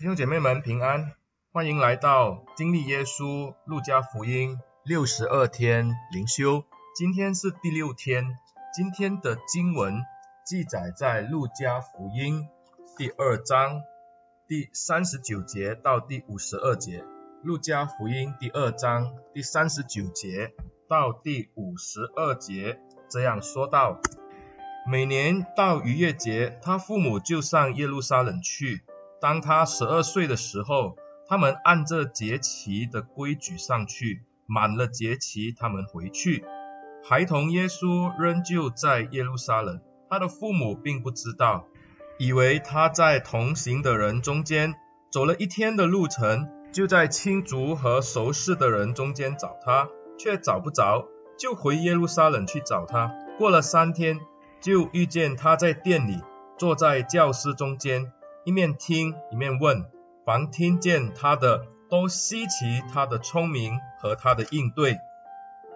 弟兄姐妹們平安，歡迎來到經歷耶穌路加福音六十二天靈修，今天是第六天，今天的經文記載在路加福音第二章第三十九節到第五十二節，路加福音第二章第三十九節到第五十二節這樣說道，每年到逾越節，他父母就上耶路撒冷去。當他十二歲的時候，他們按着節期的規矩上去，滿了節期他們回去。孩童耶穌仍舊在耶路撒冷，他的父母並不知道，以為他在同行的人中間，走了一天的路程，就在親族和熟識的人中間找他，卻找不着，就回耶路撒冷去找他。過了三天，就遇見他在殿裡，坐在教師中間。一面聽，一面問，凡聽見他的，都希奇他的聰明和他的應對。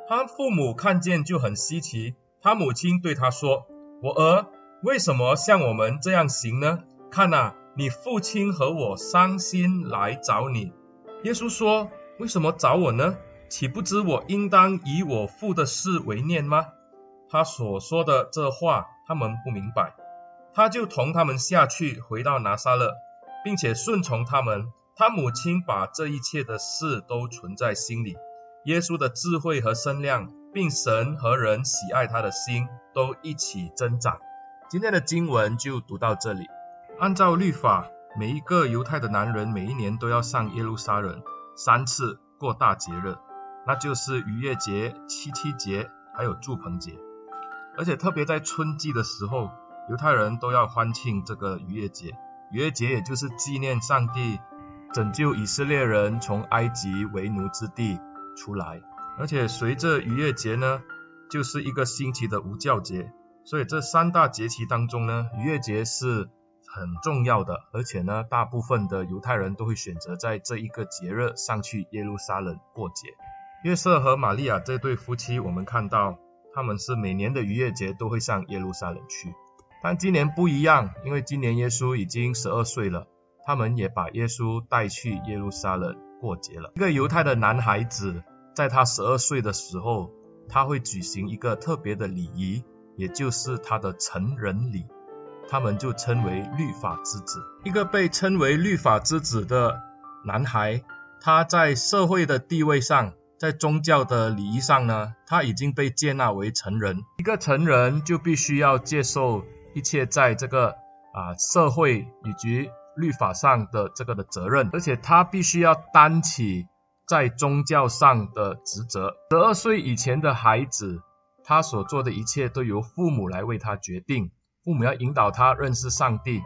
他父母看見就很希奇。他母親對他說：“我兒，為什麼向我們這樣行呢？看哪，你父親和我傷心來找你。”耶穌說：“為什麼找我呢？豈不知我應當以我父的事為念嗎？”他所說的這話，他們不明白。他就同他們下去，回到拿撒勒，並且順從他們。他母親把這一切的事都存在心裡。耶穌的智慧和身量，並神和人喜愛他的心，都一起增長。今天的經文就讀到這裡。按照律法，每一個猶太的男人每一年都要上耶路撒冷三次過大節日，那就是逾越節、七七節，還有住棚節。而且特別在春季的時候。猶太人都要歡慶這個逾越節，逾越節也就是紀念上帝拯救以色列人從埃及為奴之地出來。而且隨着逾越節呢，就是一個星期的無酵節。所以這三大節期當中呢，逾越節是很重要的。而且呢，大部分的猶太人都會選擇在這一個節日上去耶路撒冷過節。約瑟和瑪利亞這對夫妻，我們看到他們是每年的逾越節都會上耶路撒冷去。但今年不一樣，因為今年耶穌已經十二歲了，他們也把耶穌帶去耶路撒冷過節了。一個猶太的男孩子，在他十二歲的時候，他會舉行一個特別的禮儀，也就是他的成人禮。他們就稱為律法之子。一個被稱為律法之子的男孩，他在社會的地位上，在宗教的禮儀上呢，他已經被接納為成人。一個成人就必須要接受。一切在這個啊社會以及律法上的這個的責任，而且他必須要擔起在宗教上的職責。十二歲以前的孩子，他所做的一切都由父母來為他決定，父母要引導他認識上帝。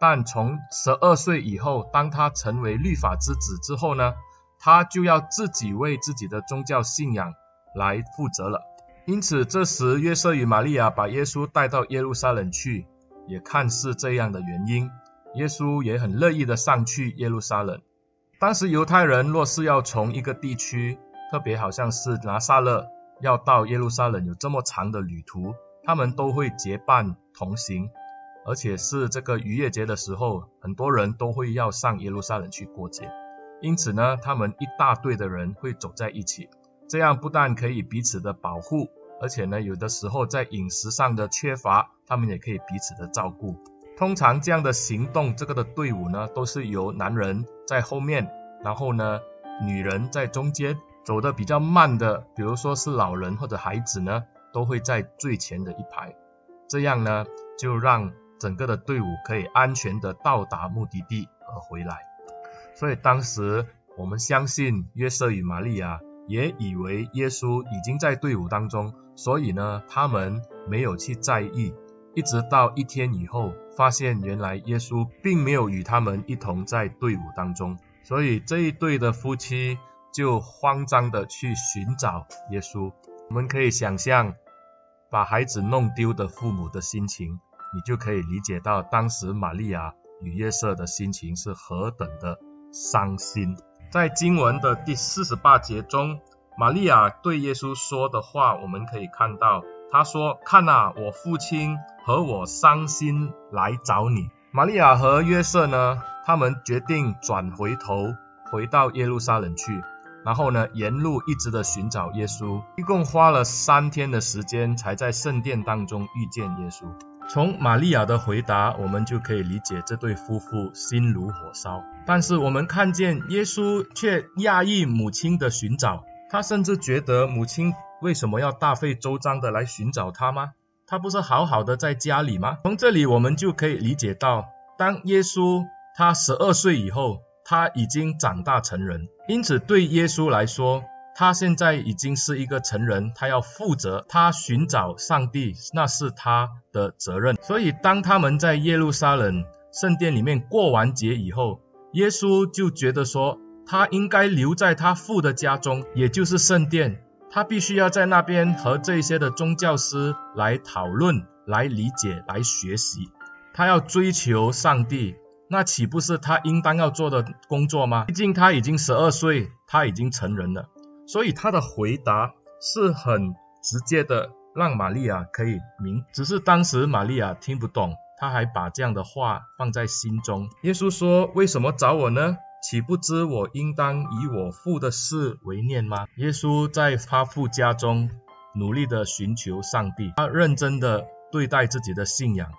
但從十二歲以後，當他成為律法之子之後呢，他就要自己為自己的宗教信仰來負責了。因此，這時約瑟與瑪利亞把耶穌帶到耶路撒冷去，也看似這樣的原因。耶穌也很樂意的上去耶路撒冷。當時猶太人若是要從一個地區，特別好像是拿撒勒，要到耶路撒冷有這麼長的旅途，他們都會結伴同行，而且是這個逾越節的時候，很多人都會要上耶路撒冷去過節。因此呢，他們一大隊的人會走在一起，這樣不但可以彼此的保護。而且呢，有的時候在飲食上的缺乏，他們也可以彼此的照顧。通常這樣的行動，這個的隊伍呢，都是由男人在後面，然後呢，女人在中間，走得比較慢的，比如說是老人或者孩子呢，都會在最前的一排。這樣呢，就讓整個的隊伍可以安全的到達目的地而回來。所以當時我們相信約瑟與瑪利亞、啊。也以為耶穌已經在隊伍當中，所以呢，他們沒有去在意。一直到一天以後，發現原來耶穌並沒有與他們一同在隊伍當中，所以這一對的夫妻就慌張的去尋找耶穌。我們可以想象，把孩子弄丟的父母的心情，你就可以理解到當時瑪利亞與約瑟的心情是何等的傷心。在經文的第四十八節中，瑪利亞對耶穌說的話，我們可以看到，她說：“看哪，我父親和我傷心來找你。”瑪利亞和約瑟呢，他們決定轉回頭，回到耶路撒冷去，然後呢，沿路一直的尋找耶穌，一共花了三天的時間，才在聖殿當中遇見耶穌。從瑪利亞的回答，我們就可以理解這對夫婦心如火燒。但是我們看見耶穌卻訝異母親的尋找，他甚至覺得母親為什麼要大費周章的來尋找他嗎？他不是好好的在家裡嗎？從這裡我們就可以理解到，當耶穌他十二歲以後，他已經長大成人。因此，對耶穌來說，他現在已經是一個成人，他要負責，他尋找上帝，那是他的責任。所以，當他們在耶路撒冷聖殿裡面過完節以後，耶穌就覺得說，他應該留在他父的家中，也就是聖殿，他必須要在那邊和這些的宗教師來討論、來理解、來學習，他要追求上帝，那豈不是他應當要做的工作嗎？畢竟他已經十二歲，他已經成人了。所以他的回答是很直接的，讓瑪利亞可以明白。只是當時瑪利亞聽不懂，他還把這樣的話放在心中。耶穌說：“為什麼找我呢？豈不知我應當以我父的事為念嗎？”耶穌在他父家中努力的尋求上帝，他認真的對待自己的信仰，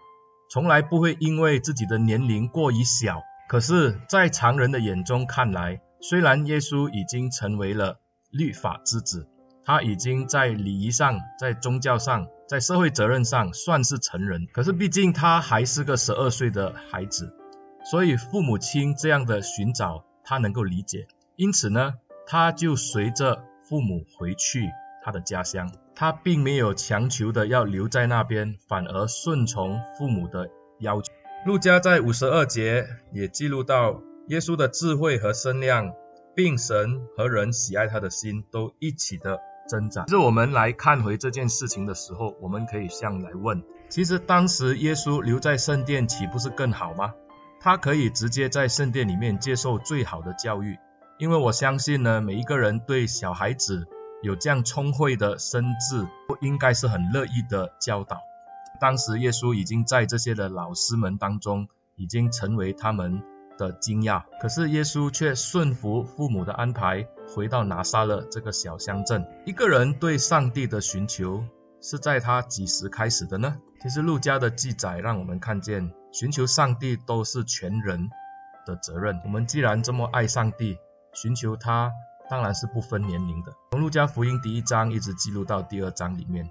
從來不會因為自己的年齡過於小。可是，在常人的眼中看來，雖然耶穌已經成為了。律法之子，他已經在禮儀上、在宗教上、在社會責任上算是成人，可是畢竟他還是個十二歲的孩子，所以父母親這樣的尋找他能夠理解，因此呢，他就隨着父母回去他的家鄉，他並沒有強求的要留在那邊，反而順從父母的要求。路加在五十二節也記錄到耶穌的智慧和身量，並神和人喜愛他的心都一起的增長。是我們來看回這件事情的時候，我們可以向來問：其實當時耶穌留在聖殿，豈不是更好嗎？他可以直接在聖殿裡面接受最好的教育，因為我相信呢，每一個人對小孩子有這樣聰慧的身智，都應該是很樂意的教導。當時耶穌已經在這些的老師們當中，已經成為他們。的驚訝，可是耶穌卻順服父母的安排，回到拿撒勒這個小鄉鎮。一個人對上帝的尋求，是在他幾時開始的呢？其實路加的記載讓我們看見，尋求上帝都是全人的責任。我們既然這麼愛上帝，尋求他當然是不分年齡的。從路加福音第一章一直記錄到第二章裡面，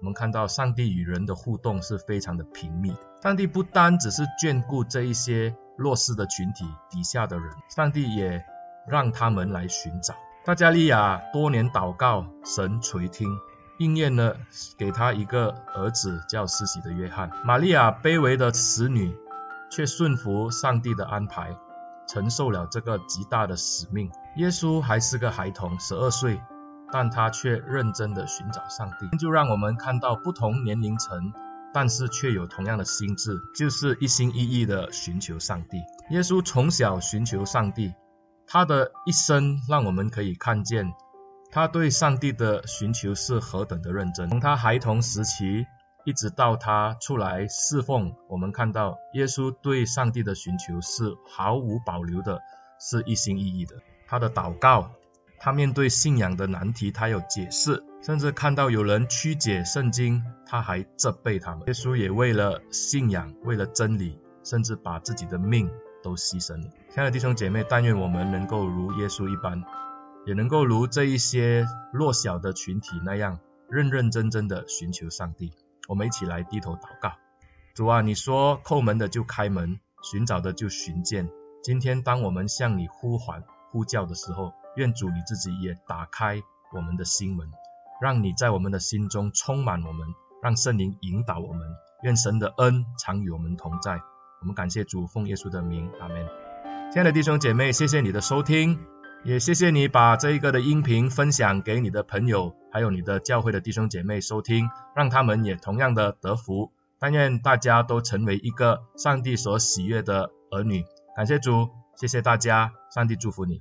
我們看到上帝與人的互動是非常的頻密。上帝不單只是眷顧這一些。弱勢的群體底下的人，上帝也讓他們來尋找。撒迦利亞多年禱告，神垂聽，應驗了，給他一個兒子叫施洗的約翰。瑪利亞卑微的使女，卻順服上帝的安排，承受了這個極大的使命。耶穌還是個孩童，十二歲，但他卻認真的尋找上帝。就讓我們看到不同年齡層。但是卻有同樣的心智，就是一心一意地尋求上帝。耶穌從小尋求上帝，他的一生讓我們可以看見他對上帝的尋求是何等的認真。從他孩童時期一直到他出來侍奉，我們看到耶穌對上帝的尋求是毫無保留的，是一心一意的。他的禱告，他面對信仰的難題，他有解釋。甚至看到有人曲解聖經，他還責備他們。耶穌也為了信仰，為了真理，甚至把自己的命都犧牲了。親愛的弟兄姐妹，但願我們能夠如耶穌一般，也能夠如這一些弱小的群體那樣，認認真真的尋求上帝。我們一起來低頭禱告。主啊，你說叩門的就開門，尋找的就尋見。今天當我們向你呼喚，呼叫的時候，願主你自己也打開我們的心門。讓你在我們的心中充滿我們，讓聖靈引導我們，願神的恩常與我們同在。我們感謝主，奉耶穌的名，阿門。親愛的弟兄姐妹，謝謝你的收聽，也謝謝你把這一個的音頻分享給你的朋友，還有你的教會的弟兄姐妹收聽，讓他們也同樣的得福。但願大家都成為一個上帝所喜悅的兒女。感謝主，謝謝大家，上帝祝福你。